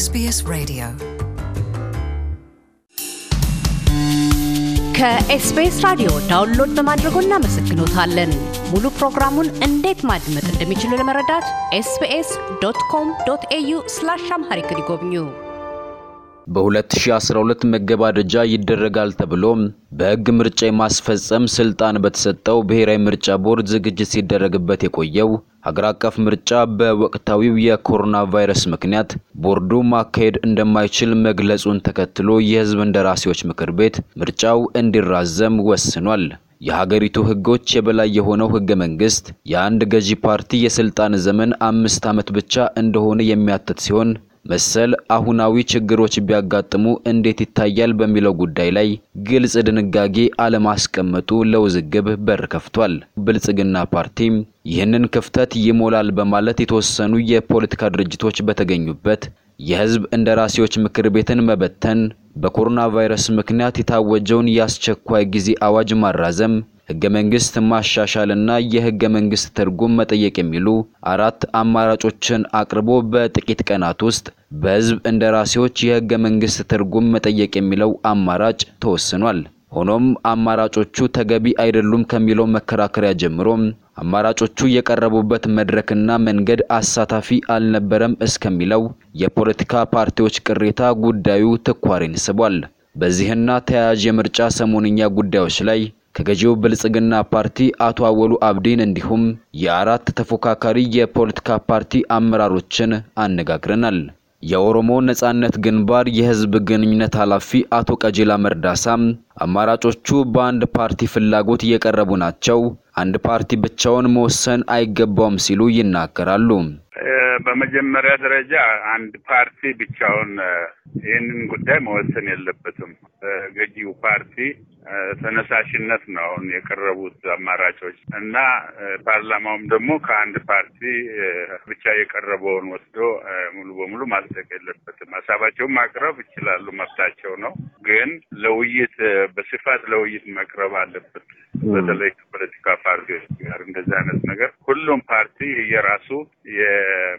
ኤስቢኤስ Radio ከኤስቢኤስ ራዲዮ ዳውንሎድ በማድረጎ እናመሰግኖታለን። ሙሉ ፕሮግራሙን እንዴት ማድመጥ እንደሚችሉ ለመረዳት ኤስቢኤስ ዶት ኮም ዶት ኤዩ ስላሽ አምሃሪክ ይጎብኙ። በ2012 መገባደጃ ይደረጋል ተብሎ በሕግ ምርጫ የማስፈጸም ስልጣን በተሰጠው ብሔራዊ ምርጫ ቦርድ ዝግጅት ሲደረግበት የቆየው ሀገር አቀፍ ምርጫ በወቅታዊው የኮሮና ቫይረስ ምክንያት ቦርዱ ማካሄድ እንደማይችል መግለጹን ተከትሎ የህዝብ እንደራሴዎች ምክር ቤት ምርጫው እንዲራዘም ወስኗል። የሀገሪቱ ህጎች የበላይ የሆነው ህገ መንግስት የአንድ ገዢ ፓርቲ የስልጣን ዘመን አምስት ዓመት ብቻ እንደሆነ የሚያትት ሲሆን መሰል አሁናዊ ችግሮች ቢያጋጥሙ እንዴት ይታያል በሚለው ጉዳይ ላይ ግልጽ ድንጋጌ አለማስቀመጡ ለውዝግብ በር ከፍቷል። ብልጽግና ፓርቲም ይህንን ክፍተት ይሞላል በማለት የተወሰኑ የፖለቲካ ድርጅቶች በተገኙበት የህዝብ እንደራሴዎች ምክር ቤትን መበተን፣ በኮሮና ቫይረስ ምክንያት የታወጀውን የአስቸኳይ ጊዜ አዋጅ ማራዘም ህገ መንግስት ማሻሻልና የህገ መንግስት ትርጉም መጠየቅ የሚሉ አራት አማራጮችን አቅርቦ በጥቂት ቀናት ውስጥ በህዝብ እንደራሴዎች የህገ መንግስት ትርጉም መጠየቅ የሚለው አማራጭ ተወስኗል። ሆኖም አማራጮቹ ተገቢ አይደሉም ከሚለው መከራከሪያ ጀምሮም አማራጮቹ የቀረቡበት መድረክና መንገድ አሳታፊ አልነበረም እስከሚለው የፖለቲካ ፓርቲዎች ቅሬታ ጉዳዩ ትኳሪን ስቧል። በዚህና ተያያዥ የምርጫ ሰሞንኛ ጉዳዮች ላይ ተገዢው ብልጽግና ፓርቲ አቶ አወሉ አብዲን እንዲሁም የአራት ተፎካካሪ የፖለቲካ ፓርቲ አመራሮችን አነጋግረናል። የኦሮሞ ነጻነት ግንባር የህዝብ ግንኙነት ኃላፊ አቶ ቀጀላ መርዳሳም አማራጮቹ በአንድ ፓርቲ ፍላጎት እየቀረቡ ናቸው፣ አንድ ፓርቲ ብቻውን መወሰን አይገባውም ሲሉ ይናገራሉ። በመጀመሪያ ደረጃ አንድ ፓርቲ ብቻውን ይህንን ጉዳይ መወሰን የለበትም። ገዢው ፓርቲ ተነሳሽነት ነው አሁን የቀረቡት አማራጮች እና ፓርላማውም ደግሞ ከአንድ ፓርቲ ብቻ የቀረበውን ወስዶ ሙሉ በሙሉ ማስጠቅ የለበትም። ሀሳባቸውን ማቅረብ ይችላሉ፣ መብታቸው ነው። ግን ለውይይት በስፋት ለውይይት መቅረብ አለበት። በተለይ ከፖለቲካ ፓርቲዎች ጋር እንደዚህ አይነት ነገር ሁሉም ፓርቲ የራሱ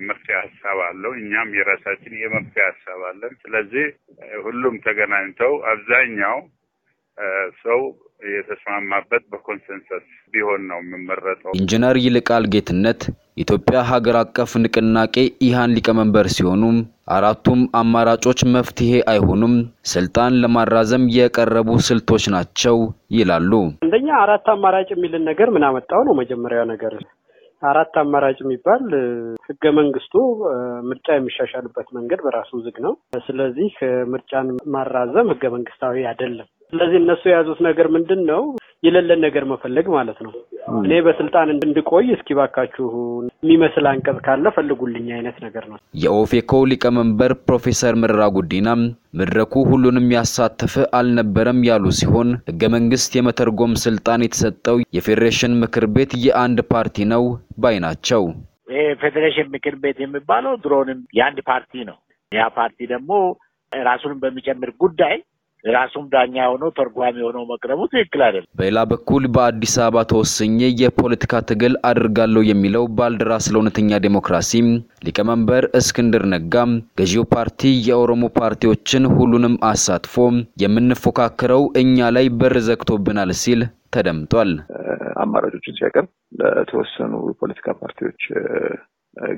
መፍትሄ ሀሳብ አለው። እኛም የራሳችን የመፍትሄ ሀሳብ አለን። ስለዚህ ሁሉም ተገናኝተው አብዛኛው ሰው የተስማማበት በኮንሰንሰስ ቢሆን ነው የምመረጠው። ኢንጂነር ይልቃል ጌትነት ኢትዮጵያ ሀገር አቀፍ ንቅናቄ ኢሃን ሊቀመንበር ሲሆኑም አራቱም አማራጮች መፍትሄ አይሆኑም፣ ስልጣን ለማራዘም የቀረቡ ስልቶች ናቸው ይላሉ። አንደኛ አራት አማራጭ የሚልን ነገር ምን አመጣው ነው መጀመሪያው ነገር አራት አማራጭ የሚባል ህገ መንግስቱ ምርጫ የሚሻሻልበት መንገድ በራሱ ዝግ ነው። ስለዚህ ምርጫን ማራዘም ህገ መንግስታዊ አይደለም። ስለዚህ እነሱ የያዙት ነገር ምንድን ነው? የሌለን ነገር መፈለግ ማለት ነው። እኔ በስልጣን እንድቆይ እስኪ ባካችሁ የሚመስል አንቀጽ ካለ ፈልጉልኝ አይነት ነገር ነው። የኦፌኮ ሊቀመንበር ፕሮፌሰር መረራ ጉዲና መድረኩ ሁሉንም ያሳተፈ አልነበረም ያሉ ሲሆን ህገ መንግስት የመተርጎም ስልጣን የተሰጠው የፌዴሬሽን ምክር ቤት የአንድ ፓርቲ ነው ባይ ናቸው። ፌዴሬሽን ምክር ቤት የሚባለው ድሮንም የአንድ ፓርቲ ነው። ያ ፓርቲ ደግሞ ራሱንም በሚጨምር ጉዳይ ራሱም ዳኛ ሆኖ ተርጓሚ ሆኖ መቅረቡ ትክክል አይደለም። በሌላ በኩል በአዲስ አበባ ተወስኜ የፖለቲካ ትግል አድርጋለሁ የሚለው ባልደራስ ለእውነተኛ ዴሞክራሲ ሊቀመንበር እስክንድር ነጋ ገዢው ፓርቲ የኦሮሞ ፓርቲዎችን ሁሉንም አሳትፎ የምንፎካከረው እኛ ላይ በር ዘግቶብናል ሲል ተደምጧል። አማራጮችን ሲያቀርብ ለተወሰኑ የፖለቲካ ፓርቲዎች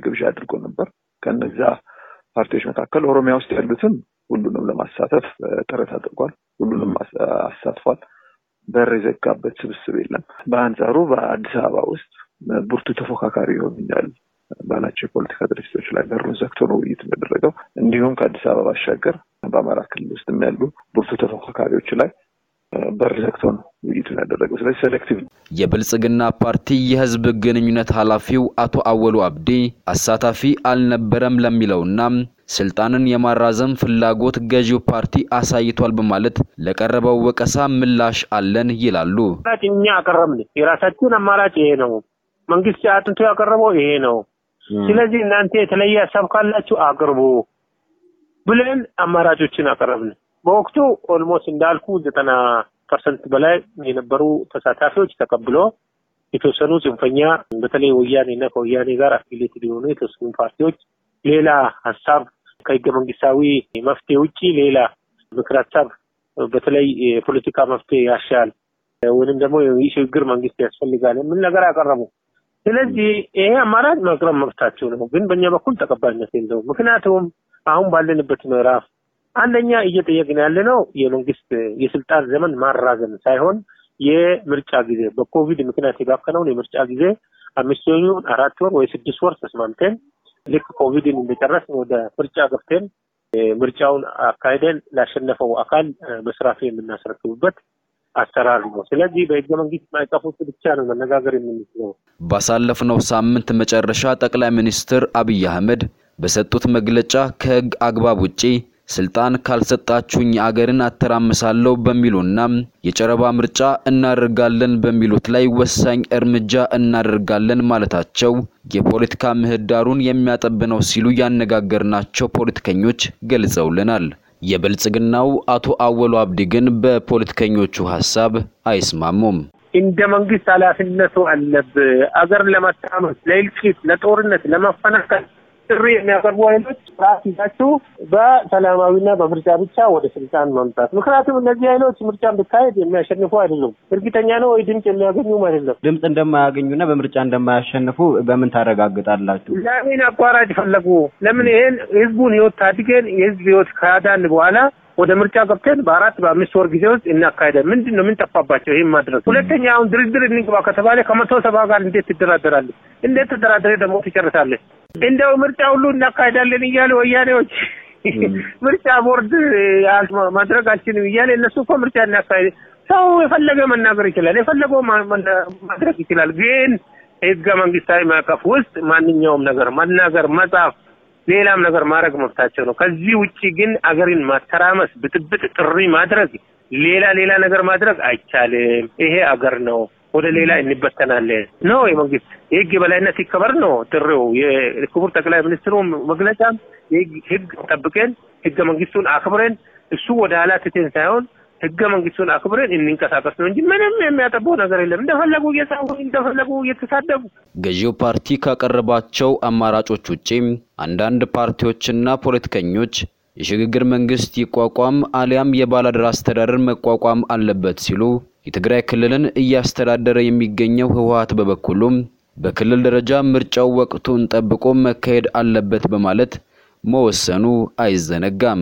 ግብዣ አድርጎ ነበር። ከነዚያ ፓርቲዎች መካከል ኦሮሚያ ውስጥ ያሉትን። ሁሉንም ለማሳተፍ ጥረት አድርጓል። ሁሉንም አሳትፏል። በር የዘጋበት ስብስብ የለም። በአንጻሩ በአዲስ አበባ ውስጥ ብርቱ ተፎካካሪ ይሆኑኛል ባላቸው የፖለቲካ ድርጅቶች ላይ በሩን ዘግቶ ነው ውይይት የሚያደረገው። እንዲሁም ከአዲስ አበባ ባሻገር በአማራ ክልል ውስጥም ያሉ ብርቱ ተፎካካሪዎች ላይ በር ዘግቶ ነው ውይይቱን ያደረገው። ስለዚህ ሴሌክቲቭ ነው። የብልጽግና ፓርቲ የህዝብ ግንኙነት ኃላፊው አቶ አወሉ አብዲ አሳታፊ አልነበረም ለሚለውና ስልጣንን የማራዘም ፍላጎት ገዢው ፓርቲ አሳይቷል በማለት ለቀረበው ወቀሳ ምላሽ አለን ይላሉ። እኛ አቀረብን። የራሳችሁን አማራጭ ይሄ ነው፣ መንግስት አጥንቶ ያቀረበው ይሄ ነው። ስለዚህ እናንተ የተለየ ሀሳብ ካላችሁ አቅርቡ ብለን አማራጮችን አቀረብን። በወቅቱ ኦልሞስት እንዳልኩ ዘጠና ፐርሰንት በላይ የነበሩ ተሳታፊዎች ተቀብሎ የተወሰኑ ጽንፈኛ በተለይ ወያኔና ከወያኔ ጋር አፊሌት የሆኑ የተወሰኑ ፓርቲዎች ሌላ ሀሳብ ከህገ መንግስታዊ መፍትሄ ውጭ ሌላ ምክር ሀሳብ በተለይ የፖለቲካ መፍትሄ ያሻል ወይንም ደግሞ የሽግግር መንግስት ያስፈልጋል የሚል ነገር አቀረቡ። ስለዚህ ይሄ አማራጭ መቅረብ መብታቸው ነው፣ ግን በእኛ በኩል ተቀባይነት የለው ምክንያቱም አሁን ባለንበት ምዕራፍ አንደኛ እየጠየቅን ያለ ነው የመንግስት የስልጣን ዘመን ማራዘም ሳይሆን የምርጫ ጊዜ በኮቪድ ምክንያት የባከነውን የምርጫ ጊዜ አምስት ወር አራት ወር ወይ ስድስት ወር ተስማምተን ልክ ኮቪድን እንደጨረስ ወደ ምርጫ ገብተን ምርጫውን አካሄደን ላሸነፈው አካል በስራፊ የምናስረክብበት አሰራር ነው። ስለዚህ በህገ መንግስት ማዕቀፍ ብቻ ነው መነጋገር የምንችለው። ባሳለፍነው ሳምንት መጨረሻ ጠቅላይ ሚኒስትር አብይ አህመድ በሰጡት መግለጫ ከህግ አግባብ ውጪ ስልጣን ካልሰጣችሁኝ አገርን አተራምሳለሁ በሚሉና የጨረባ ምርጫ እናደርጋለን በሚሉት ላይ ወሳኝ እርምጃ እናደርጋለን ማለታቸው የፖለቲካ ምህዳሩን የሚያጠብ ነው ሲሉ ያነጋገርናቸው ፖለቲከኞች ገልጸውልናል። የብልጽግናው አቶ አወሎ አብዲ ግን በፖለቲከኞቹ ሀሳብ አይስማሙም። እንደ መንግስት ኃላፊነቱ አለብ አገር ለመታመስ ለእልቂት፣ ለጦርነት፣ ለመፈናቀል ጥሪ የሚያቀርቡ ኃይሎች ስርዓት ይዛችሁ በሰላማዊና በምርጫ ብቻ ወደ ስልጣን መምጣት። ምክንያቱም እነዚህ ኃይሎች ምርጫን ብታሄድ የሚያሸንፉ አይደሉም። እርግጠኛ ነው ወይ ድምፅ የሚያገኙም አይደለም። ድምፅ እንደማያገኙና በምርጫ እንደማያሸንፉ በምን ታረጋግጣላችሁ? ለምን አቋራጭ ፈለጉ? ለምን ይሄን ህዝቡን ህይወት ታድገን የህዝብ ህይወት ካዳን በኋላ ወደ ምርጫ ገብተን በአራት በአምስት ወር ጊዜ ውስጥ እናካሄደን ምንድን ነው የምንጠፋባቸው? ይህም ማድረግ ሁለተኛ፣ አሁን ድርድር እንግባ ከተባለ ከመቶ ሰባ ጋር እንዴት ትደራደራለህ? እንዴት ትደራደረ ደግሞ ትጨርሳለህ? እንደው ምርጫ ሁሉ እናካሄዳለን እያለ ወያኔዎች ምርጫ ቦርድ ማድረግ አልችልም እያለ እነሱ እኮ ምርጫ እናካሄድ ሰው የፈለገ መናገር ይችላል፣ የፈለገው ማድረግ ይችላል። ግን ህገ መንግስታዊ ማዕቀፍ ውስጥ ማንኛውም ነገር መናገር መጻፍ ሌላም ነገር ማድረግ መብታቸው ነው። ከዚህ ውጪ ግን አገሪን ማተራመስ፣ ብጥብጥ፣ ጥሪ ማድረግ፣ ሌላ ሌላ ነገር ማድረግ አይቻልም። ይሄ አገር ነው። ወደ ሌላ እንበተናለን ነው የመንግስት የህግ የበላይነት ሲከበር ነው ጥሪው። የክቡር ጠቅላይ ሚኒስትሩ መግለጫም ህግ ጠብቀን ህገ መንግስቱን አክብረን እሱ ወደ ኋላ ትተን ሳይሆን ህገ መንግስቱን አክብረን እንንቀሳቀስ ነው እንጂ ምንም የሚያጠበው ነገር የለም። እንደፈለጉ እየሳሁ እንደፈለጉ እየተሳደቡ ገዢው ፓርቲ ካቀረባቸው አማራጮች ውጪ አንዳንድ ፓርቲዎችና ፖለቲከኞች የሽግግር መንግስት ይቋቋም አሊያም የባላደር አስተዳደር መቋቋም አለበት ሲሉ የትግራይ ክልልን እያስተዳደረ የሚገኘው ህወሀት በበኩሉም በክልል ደረጃ ምርጫው ወቅቱን ጠብቆ መካሄድ አለበት በማለት መወሰኑ አይዘነጋም።